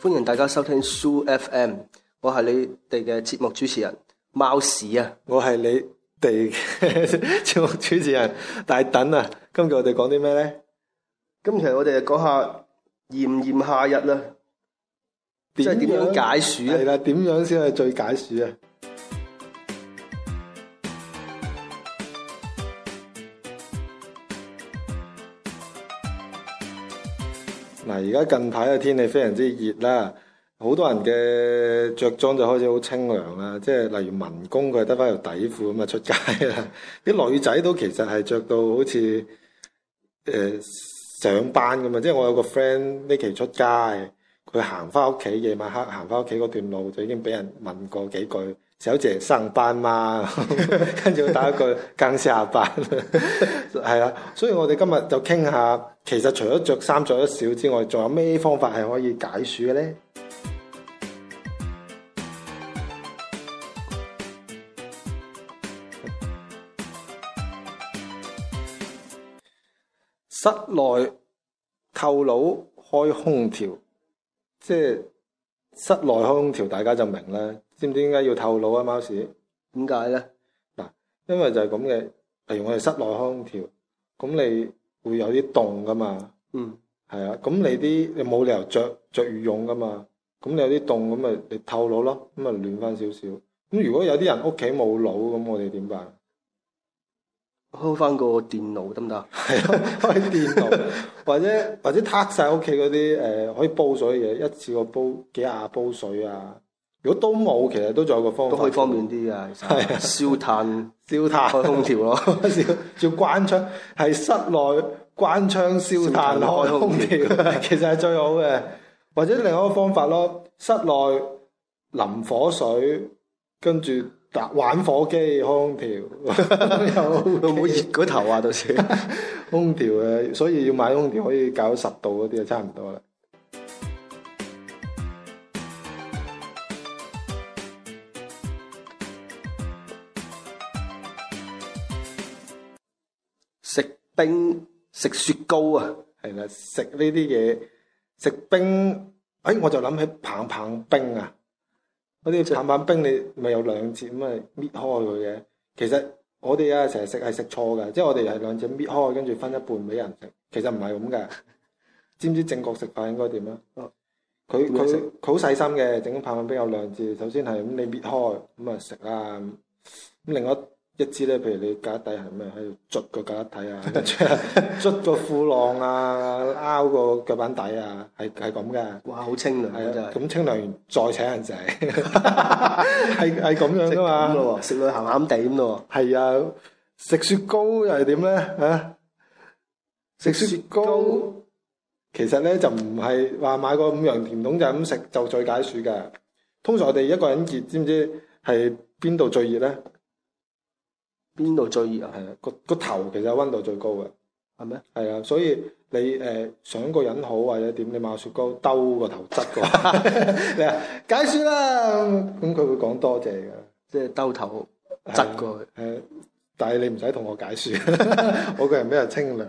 歡迎大家收聽 Soo FM，我係你哋嘅節目主持人貓屎啊，我係你哋 節目主持人大等啊，今期我哋講啲咩咧？今期我哋講下炎炎夏日啦，點樣？即係點樣解暑啊？係啦，點樣先係最解暑啊？嗱，而家近排嘅天氣非常之熱啦，好多人嘅着裝就開始好清涼啦。即係例如民工佢得翻條底褲咁啊出街啦，啲女仔都其實係着到好似誒、呃、上班咁嘛。即係我有個 friend 呢期出街，佢行翻屋企夜晚黑行翻屋企嗰段路，就已經俾人問過幾句，小姐上班嘛？ 跟住我打一句更下班。係 啦、啊，所以我哋今日就傾下。其實除咗着衫着得少之外，仲有咩方法係可以解暑嘅咧？嗯、室內透漏開空調，即係室內開空調，大家就明啦。知唔知點解要透漏啊？貓屎，點解咧？嗱，因為就係咁嘅，譬如我哋室內開空調，咁你。會有啲凍噶嘛？嗯，係啊，咁你啲你冇理由着著羽絨噶嘛？咁你有啲凍咁咪你透腦咯，咁咪暖翻少少。咁如果有啲人屋企冇腦，咁我哋點辦？開翻個電腦得唔得？係啊，開電腦，或者或者撻晒屋企嗰啲誒可以煲水嘅嘢，一次過煲幾廿煲水啊！如果都冇，其實都仲有個方法，都可以方便啲嘅。係、啊、燒炭，燒炭開空調咯，要 關窗，係室內關窗燒炭，燒炭開空調，空調其實係最好嘅。 或者另外一個方法咯，室內淋火水，跟住打玩火機開空調， 有冇熱個頭啊？到時空調嘅，所以要買空調可以搞十度嗰啲就差唔多啦。冰食雪糕啊，係啦，食呢啲嘢食冰，哎，我就諗起棒棒冰啊，嗰啲棒棒冰，就是，你咪有兩節咁啊搣開佢嘅，其實我哋啊成日食係食錯嘅，即係我哋係兩節搣開，跟住分一半俾人食，其實唔係咁嘅， 知唔知正確食法應該點啊？佢佢佢好細心嘅，整棒棒冰有兩節，首先係咁你搣開咁啊食啊。咁另外。一支咧，譬如你解底係咩？喺度捽個腳底啊，捽個褲浪啊，拗個腳板底啊，係係咁噶。哇，好清涼，係啊。咁清涼完再請人仔，係係咁樣噶嘛。食到鹹鹹地咁咯。係啊，食雪糕又係點咧？吓，食雪糕其實咧就唔係話買個五羊甜筒就咁食就最解暑噶。通常我哋一個人熱，知唔知係邊度最熱咧？邊度最熱啊？係啊，個個頭其實溫度最高嘅。係咩嗎？係啊，所以你誒、呃、想個人好或者點，你買雪糕兜個頭擲過你，解暑啦。咁佢會講多謝嘅，即係兜頭擲過去。係，但係你唔使同我解暑， 我個人比較清涼。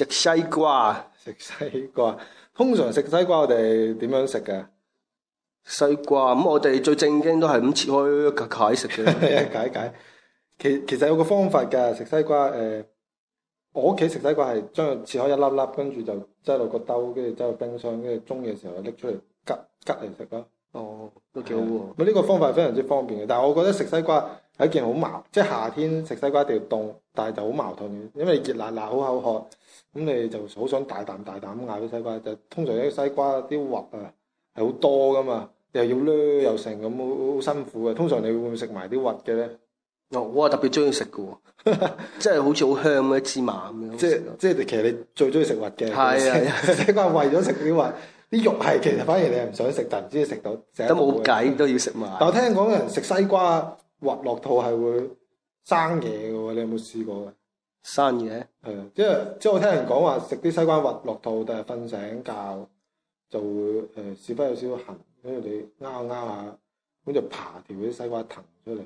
食西瓜，食西瓜，通常食西瓜我哋點樣食嘅？西瓜咁、嗯、我哋最正經都係咁切開解食嘅解解。其其實有個方法噶食西瓜，誒、呃，我屋企食西瓜係將佢切開一粒粒，跟住就擠落個兜，跟住擠落冰箱，跟住中嘅時候拎出嚟吉吉嚟食啦。哦，都幾好喎。呢、這個方法非常之方便嘅，但係我覺得食西瓜。係一件好矛，即係夏天食西瓜一定要凍，但係就好矛盾嘅，因為熱辣辣好口渴，咁你就好想大啖大啖咁咬啲西瓜。就通常啲西瓜啲核啊係好多噶嘛，又要攣又成咁，好辛苦嘅。通常你會唔會食埋啲核嘅咧？哦，我係特別中意食噶，即係好似好香嘅芝麻咁樣。即係即係，其實你最中意食核嘅。係啊，西瓜為咗食啲核，啲肉係其實反而你係唔想食，但唔知你食到。成日都冇計，都要食嘛。但我聽講人食西瓜滑落肚係會生嘢嘅喎，你有冇試過嘅？生嘢野？係啊，即係即係我聽人講話食啲西瓜滑落肚，但係瞓醒覺就會誒屎忽有少少痕，跟住你撓下撓下，咁就爬條啲西瓜藤出嚟，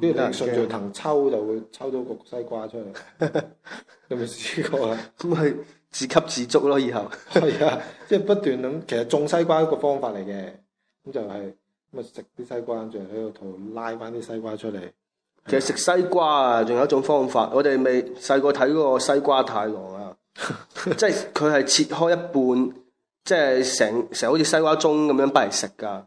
跟住你順住藤抽就會抽到個西瓜出嚟。行 有冇試過啊？咁係 自給自足咯，以後係啊，即係不斷咁。其實種西瓜一個方法嚟嘅，咁就係、是。食啲西瓜，仲喺度同拉翻啲西瓜出嚟。其實食西瓜啊，仲有一種方法。我哋未細個睇過西瓜太郎啊，即係佢係切開一半，即係成成好似西瓜盅咁樣掰嚟食㗎。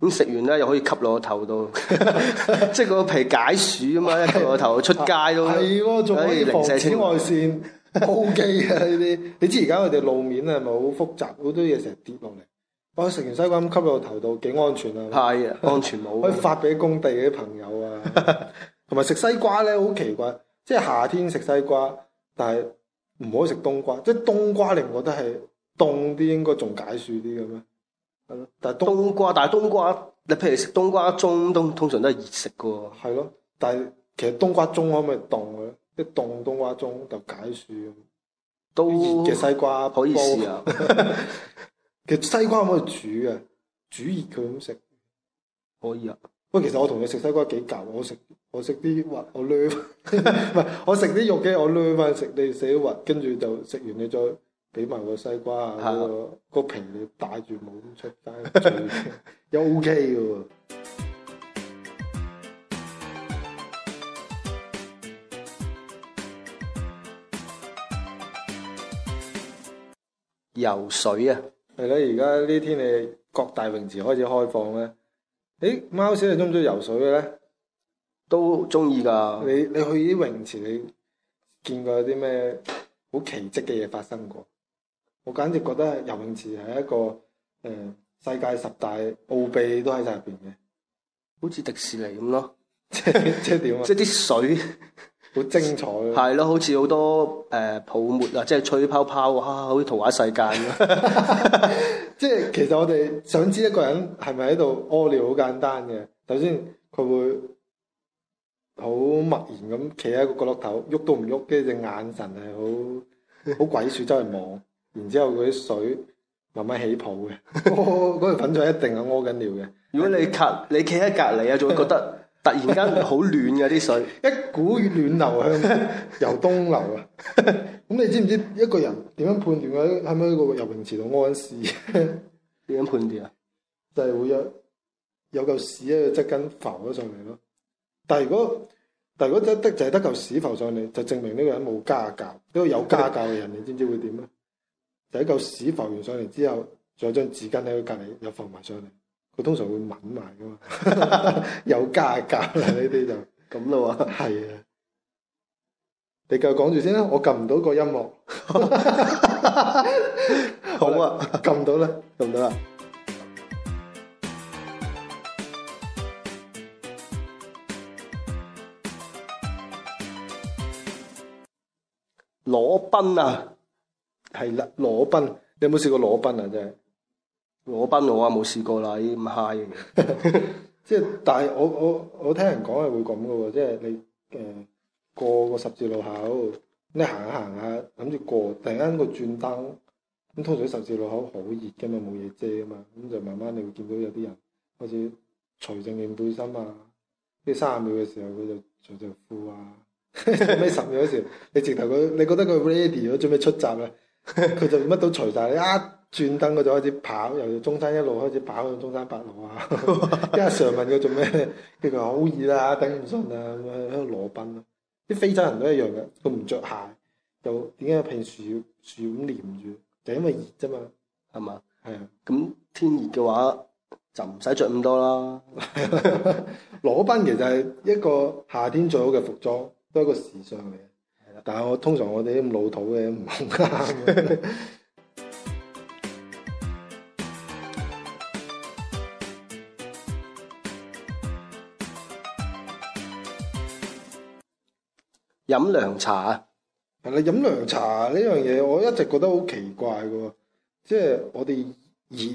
咁食完咧又可以吸落個頭度，即係 個皮解暑啊嘛！ 吸落個頭出街仲可以防紫外線暴擊，啊！呢啲 你知而家佢哋路面係咪好複雜，好多嘢成日跌落嚟。我食、哦、完西瓜咁吸入個頭度幾安全啊！係啊，安全帽可以發俾工地嘅啲朋友啊。同埋食西瓜咧好奇怪，即係夏天食西瓜，但係唔好食冬瓜。即係冬瓜你唔覺得係凍啲應該仲解暑啲嘅咩？係咯、啊，但係冬，冬瓜，但係冬瓜你譬如食冬瓜盅，都通常都係熱食嘅喎。係咯、啊，但係其實冬瓜盅可唔可以凍嘅？一凍冬，冬瓜盅就解暑。冬嘅都西瓜可以試啊！ 其實西瓜可以煮嘅，煮熱佢咁食可以啊。喂，其實我同你食西瓜幾夾？我食我食啲核，我掠唔係我食啲肉嘅，我掠翻食你死核，跟 住就食完你再俾埋個西瓜啊！嗰個、嗰個皮你帶住帽咁出街煮，又 OK 嘅喎。游水啊！係咧，而家呢天氣，你各大泳池開始開放咧。誒，貓小姐中唔中意游水嘅咧？都中意噶。你愛愛你，你去啲泳池，你見過啲咩好奇蹟嘅嘢發生過？我簡直覺得游泳池係一個誒、呃、世界十大奧秘都喺晒入邊嘅，好似迪士尼咁咯。 即係即係點啊？即係啲水。好精彩咯！係 咯，好似好多誒泡沫啊，即係吹泡泡啊，好似童話世界咁。即 係其實我哋想知一個人係咪喺度屙尿，好簡單嘅。首先佢會好默然咁企喺個角落頭，喐都唔喐，跟住隻眼神係好好鬼鼠周圍望，然之後嗰啲水慢慢起泡嘅，嗰、哦嗰條粉腸一定係屙緊尿嘅。如果你隔你企喺隔籬啊，就會覺得。突然間好暖嘅啲水， 一股暖流向由東流啊！咁 你知唔知一個人點樣判斷佢係咪喺個游泳池度屙緊屎？點 樣判斷啊？ 就係會有有嚿屎咧，紙巾浮咗上嚟咯。但係如果但如果得得就係得嚿屎浮上嚟，就證明呢個人冇家教。呢個有家教嘅人，你知唔知會點咧？就係嚿屎浮完上嚟之後，仲有張紙巾喺佢隔離又浮埋上嚟。我通常會揾埋㗎嘛，有價格啦呢啲就咁咯喎。係啊，你繼續講住先啦，我撳唔到個音樂。好啊，撳到啦，撳到啦。裸奔啊，係啦，裸奔，你有冇試過裸奔啊？真係。裸奔我啊冇試過啦，依咁 high 嘅，即係但係我我我聽人講係會咁嘅喎，即係你誒過個十字路口，你行下行下諗住過，突然間個轉燈，咁通常啲十字路口好熱㗎嘛，冇嘢遮㗎嘛，咁就慢慢你會見到有啲人開始除正件背心啊，跟住三十秒嘅時候佢就除正褲啊，跟住十秒嗰時你直頭佢，你覺得佢 ready 咗準備出閘啦，佢就乜都除曬，你啊。轉燈佢就開始跑，由中山一路開始跑到中山八路啊！一阿常問佢做咩，佢話好熱啊，頂唔順啊，咁啊喺度裸奔咯。啲非洲人都一樣嘅，佢唔着鞋，又點解平時要樹咁黏住？就因為熱啫嘛，係嘛？係啊，咁吧是天熱嘅話就唔使着咁多啦。裸奔 其實係一個夏天最好嘅服裝，都係一個時尚嚟嘅。的但係我通常我哋啲咁老土嘅唔啱。 飲涼茶啊！係啦，飲涼茶呢樣嘢，我一直覺得好奇怪嘅，即係我哋熱，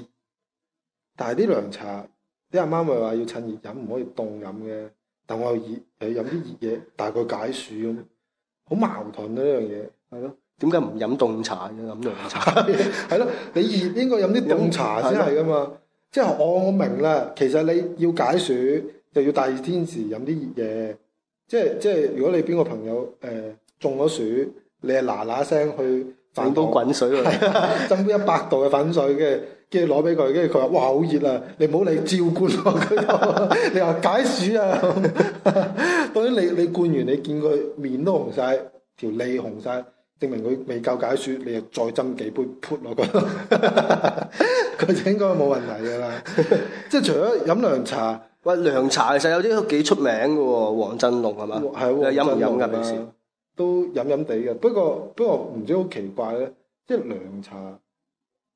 但係啲涼茶，啲阿媽咪話要趁熱飲，唔可以凍飲嘅。但我又熱，又飲啲熱嘢，大概解暑咁，好矛盾啊！呢樣嘢係咯，點解唔飲凍茶嘅？飲涼茶係咯， 你熱應該飲啲凍茶先係噶嘛？嗯、的即係我我明啦，其實你要解暑，就要大熱天時飲啲熱嘢。即係即係，如果你邊個朋友誒、呃、中咗暑，你係嗱嗱聲去反煲滾水嗰 度，斟杯一百度嘅粉水嘅，跟住攞俾佢，跟住佢話：哇，好熱啊！你唔好理照灌我，那個，佢 你話解暑啊。當然 你你灌完，你見佢面都紅晒，條脷紅晒，證明佢未夠解暑，你就再斟幾杯潑落佢，那個，佢 就 應該冇問題㗎啦。 即係除咗飲涼茶。喂、哎，涼茶其實有啲都幾出名嘅喎，黃振龍係嘛？係喎，飲唔飲㗎平時？都飲飲地嘅，不過不過唔知好奇怪咧，即係涼茶，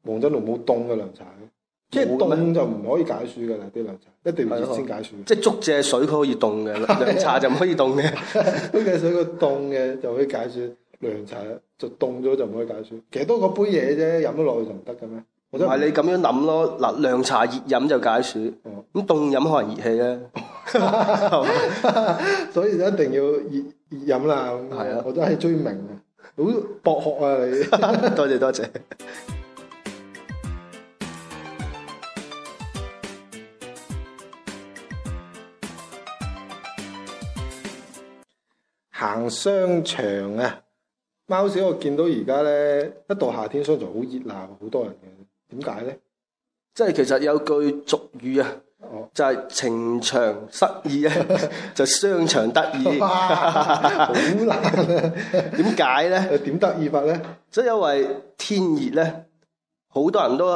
黃振龍冇凍嘅涼茶嘅，即係凍就唔可以解暑嘅啦，啲涼茶，一定要熱先解暑。即係竹蔗水佢可以凍嘅， 涼茶就唔可以凍嘅。竹蔗 水佢凍嘅就可以解暑，涼茶就凍咗就唔可以解暑。其實多嗰杯嘢啫，飲咗落去就唔得嘅咩？我都係你咁樣諗咯，嗱涼茶熱飲就解暑，咁凍飲可能熱氣咧， 所以一定要熱熱飲啦。係啊，我都係追明嘅，好博學啊你 多。多謝多謝。行商場啊，貓屎我見到而家咧，一到夏天商場好熱鬧，好多人嘅。點解咧？即係其實有句俗語啊，哦、就係情場失意啊， 就商場得意哇。哈哈好難咧， 點解咧？點得意法咧？即係因為天熱咧，好多人都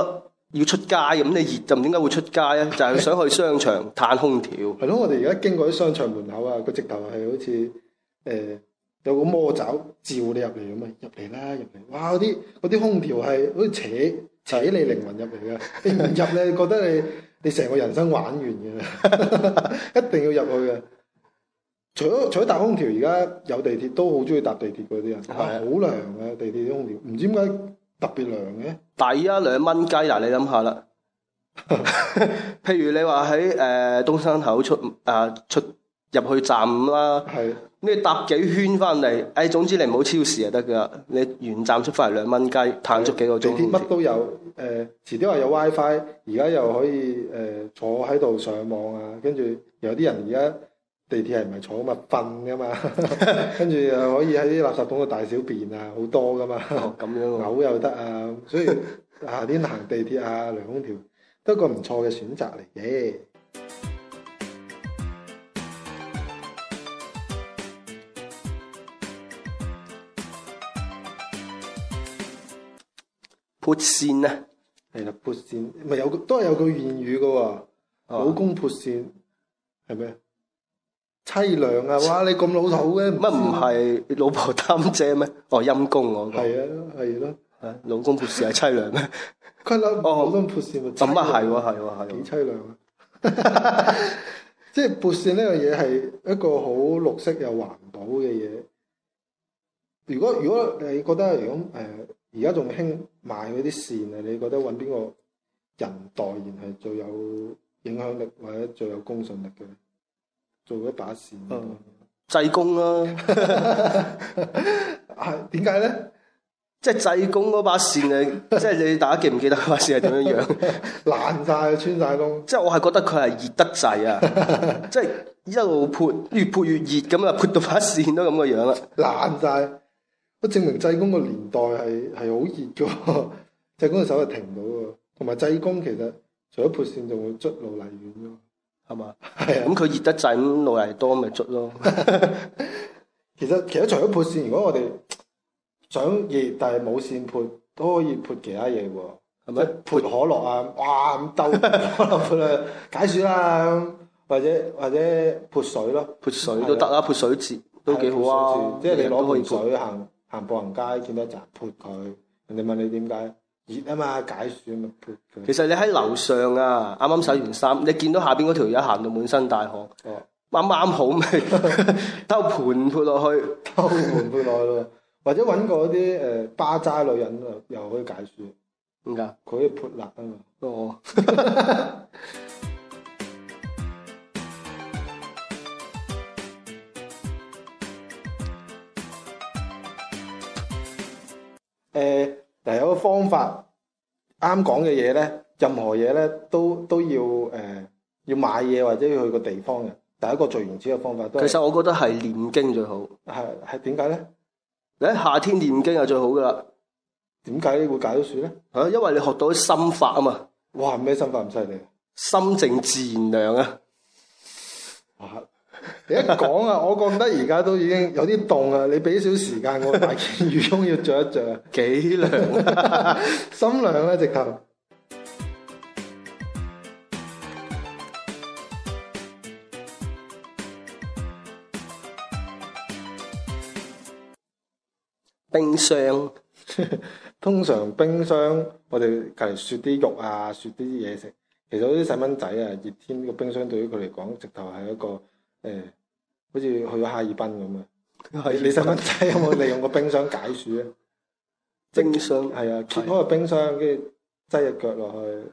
要出街咁。你熱就點解會出街啊？就係、是、想去商場嘆空調。係咯， 我哋而家經過啲商場門口啊，個直頭係好似誒、欸、有個魔爪照你入嚟咁啊，入嚟啦，入嚟。哇！啲嗰啲空調係好似扯。扯你靈魂入嚟嘅，唔入你覺得你你成個人生玩完嘅， 一定要入去嘅。除咗除咗搭空調，而家有地鐵都好中意搭地鐵嗰啲人，係好涼嘅地鐵啲空調，唔知點解特別涼嘅。抵啊，兩蚊雞嗱，你諗下啦。 譬如你話喺誒東山口出啊出。入去站五、啊、啦，咩搭的幾圈翻嚟？哎，總之你唔好超時就得噶啦。你原站出翻嚟兩蚊雞，彈足幾個鐘。地乜都有，誒、呃，遲啲話有 WiFi，而家又可以誒、呃、坐喺度上網啊。跟住有啲人而家地鐵係唔係坐乜瞓噶嘛？跟住 又可以喺啲垃圾桶嘅大小便啊，好多噶嘛。 哦，咁樣、啊。嘔又得啊，所以夏天、 啊、行地鐵啊，涼空調都一個唔錯嘅選擇嚟嘅。Yeah. 潑扇啊，係啦潑扇，咪係有都係有個諺語嘅，老公潑扇係咩？凄涼啊！哇，你咁老土嘅，乜唔係老婆擔遮咩？哦，陰公我講係啊，係咯吓，老公潑扇係凄涼咩？佢諗，老公潑扇咪咁啊係喎係喎係，幾凄涼啊！即係潑扇呢樣嘢係一個好綠色又環保嘅嘢。如果如果你覺得咁誒，而家仲興。賣嗰啲扇啊，你覺得揾邊個人代言係最有影響力或者最有公信力嘅？做一把扇，濟公啦。點解咧？即係濟公嗰把扇啊！即係你大家記唔記得把扇係點樣樣？爛 晒，穿晒窿。即係 我係覺得佢係熱得滯啊！即係 一路潑，越潑越熱咁啊！潑到把扇都咁個樣啦，爛晒。都證明濟公個年代係係好熱嘅，濟公嘅手係停唔到嘅，同埋濟公其實除咗撥線就會捽路嚟丸嘅，係嘛？係啊，咁佢熱得滯，咁路嚟多咪捽咯。其實其實除咗撥線，如果我哋想熱但係冇線撥，都可以撥其他嘢喎，係咪？撥可樂啊，哇咁兜可樂佢啊，解暑啦，或者或者撥水咯，撥水都得啦，撥水節都幾好啊，即係你攞杯水行。行步行街見到一紮，潑佢，人哋問你點解，熱啊嘛，解暑咪潑佢。撥其實你喺樓上啊，啱啱洗完衫，你見到下邊嗰條友行到滿身大汗，啱啱、哦、好味，兜盤潑落去，兜盤潑落去， 或者揾嗰啲誒巴渣女人啊，又可以解暑。點解？佢可以潑辣啊嘛。哦。 方法啱講嘅嘢咧，任何嘢咧都都要誒、呃、要買嘢或者要去個地方嘅。第一個最原始嘅方法都係。其實我覺得係念經最好。係係點解咧？你喺、哎、夏天念經係最好噶啦。點解會解到暑咧？嚇、啊，因為你學到啲心法啊嘛。哇！咩心法唔犀利？心靜自然涼啊！ 你一講啊，我覺得而家都已經有啲凍啊！你俾少時間我買件羽絨要着一着，幾涼，心涼咧直頭。冰箱 通常冰箱，我哋隔籬雪啲肉啊，雪啲嘢食。其實啲細蚊仔啊，熱天個冰箱對於佢嚟講，直頭係一個。誒，好似、哎、去咗哈爾濱咁啊！你你使唔使有冇利用個冰箱解暑咧？冰箱係啊，揭開個冰箱，跟住擠隻腳落去，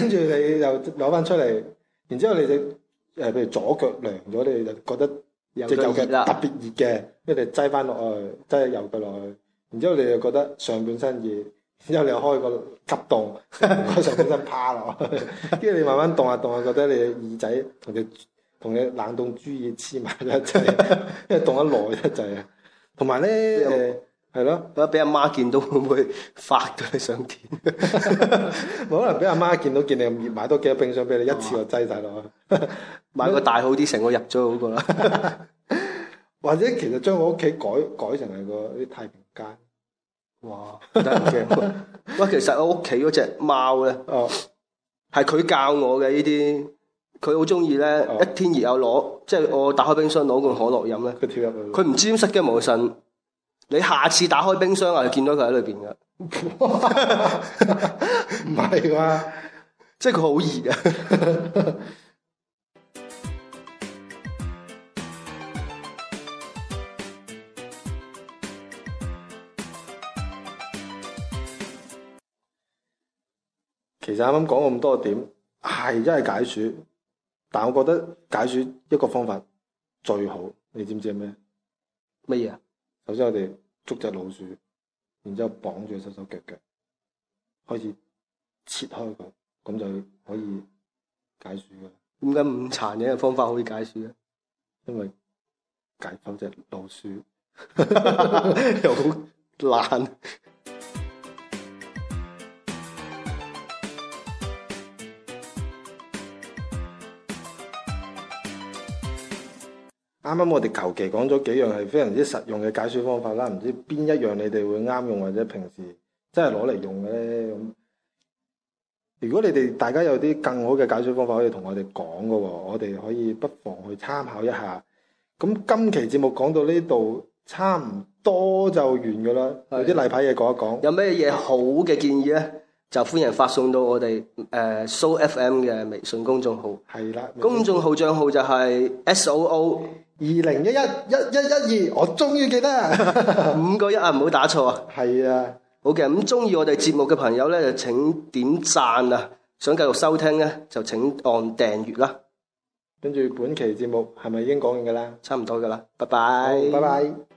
跟 住你又攞翻出嚟。然之後你就，誒，譬如左腳涼咗，你就覺得右隻腳特別熱嘅，跟住箱你擠翻落去，擠隻右腳落去。然之後你就覺得上半身熱，然之後你又開個急凍，上半身趴落。跟住 你慢慢凍下凍下，覺得你耳仔同隻。同嘢冷凍豬熱黐埋一齊，因為凍得耐得滯啊。同埋咧，係咯、欸，如果俾阿媽見到會唔會發到你上天？冇 可能俾阿媽見到見你咁熱買多幾盒冰箱俾你一次就擠晒落去，嗯， 買個大好啲，成個入咗好過啦。 或者其實將我屋企改改成係個啲太平間。哇！得人驚喎！我 其實我屋企嗰隻貓咧，哦，係佢教我嘅呢啲。佢好中意咧，呢哦、一天熱有攞，即、就、係、是、我打開冰箱攞罐可樂飲咧。佢跳入去。佢唔知點失驚無神，你下次打開冰箱啊，見到佢喺裏邊嘅。唔係嘛？ 即係佢好熱嘅。 其實啱啱講咁多點，係真係解暑。但係我覺得解暑一個方法最好，你知唔知係咩？乜嘢啊？首先我哋捉隻老鼠，然之後綁住手手腳腳，開始切開佢，咁就可以解暑㗎啦。點解唔殘忍嘅方法可以解暑咧？因為解剖隻老鼠又好爛。 啱啱我哋求其講咗幾樣係非常之實用嘅解暑方法啦，唔知邊一樣你哋會啱用或者平時真係攞嚟用嘅咧？咁。如果你哋大家有啲更好嘅解暑方法可以同我哋講嘅喎，我哋可以不妨去參考一下。咁今期節目講到呢度差唔多就完嘅啦，有啲例牌嘢講一講。有咩嘢好嘅建議咧？就歡迎發送到我哋誒、呃、SooFM 嘅微信公眾號。係啦，公眾，公眾號帳號就係 S O O。二零一一一一一二，2011, 11, 12, 我終於記得， 五個一啊，唔好打錯啊，係啊，好嘅，咁中意我哋節目嘅朋友咧，就請點讚啊，想繼續收聽咧，就請按訂閱啦、啊，跟住本期節目係咪已經講完噶啦？差唔多噶啦，拜拜，拜拜。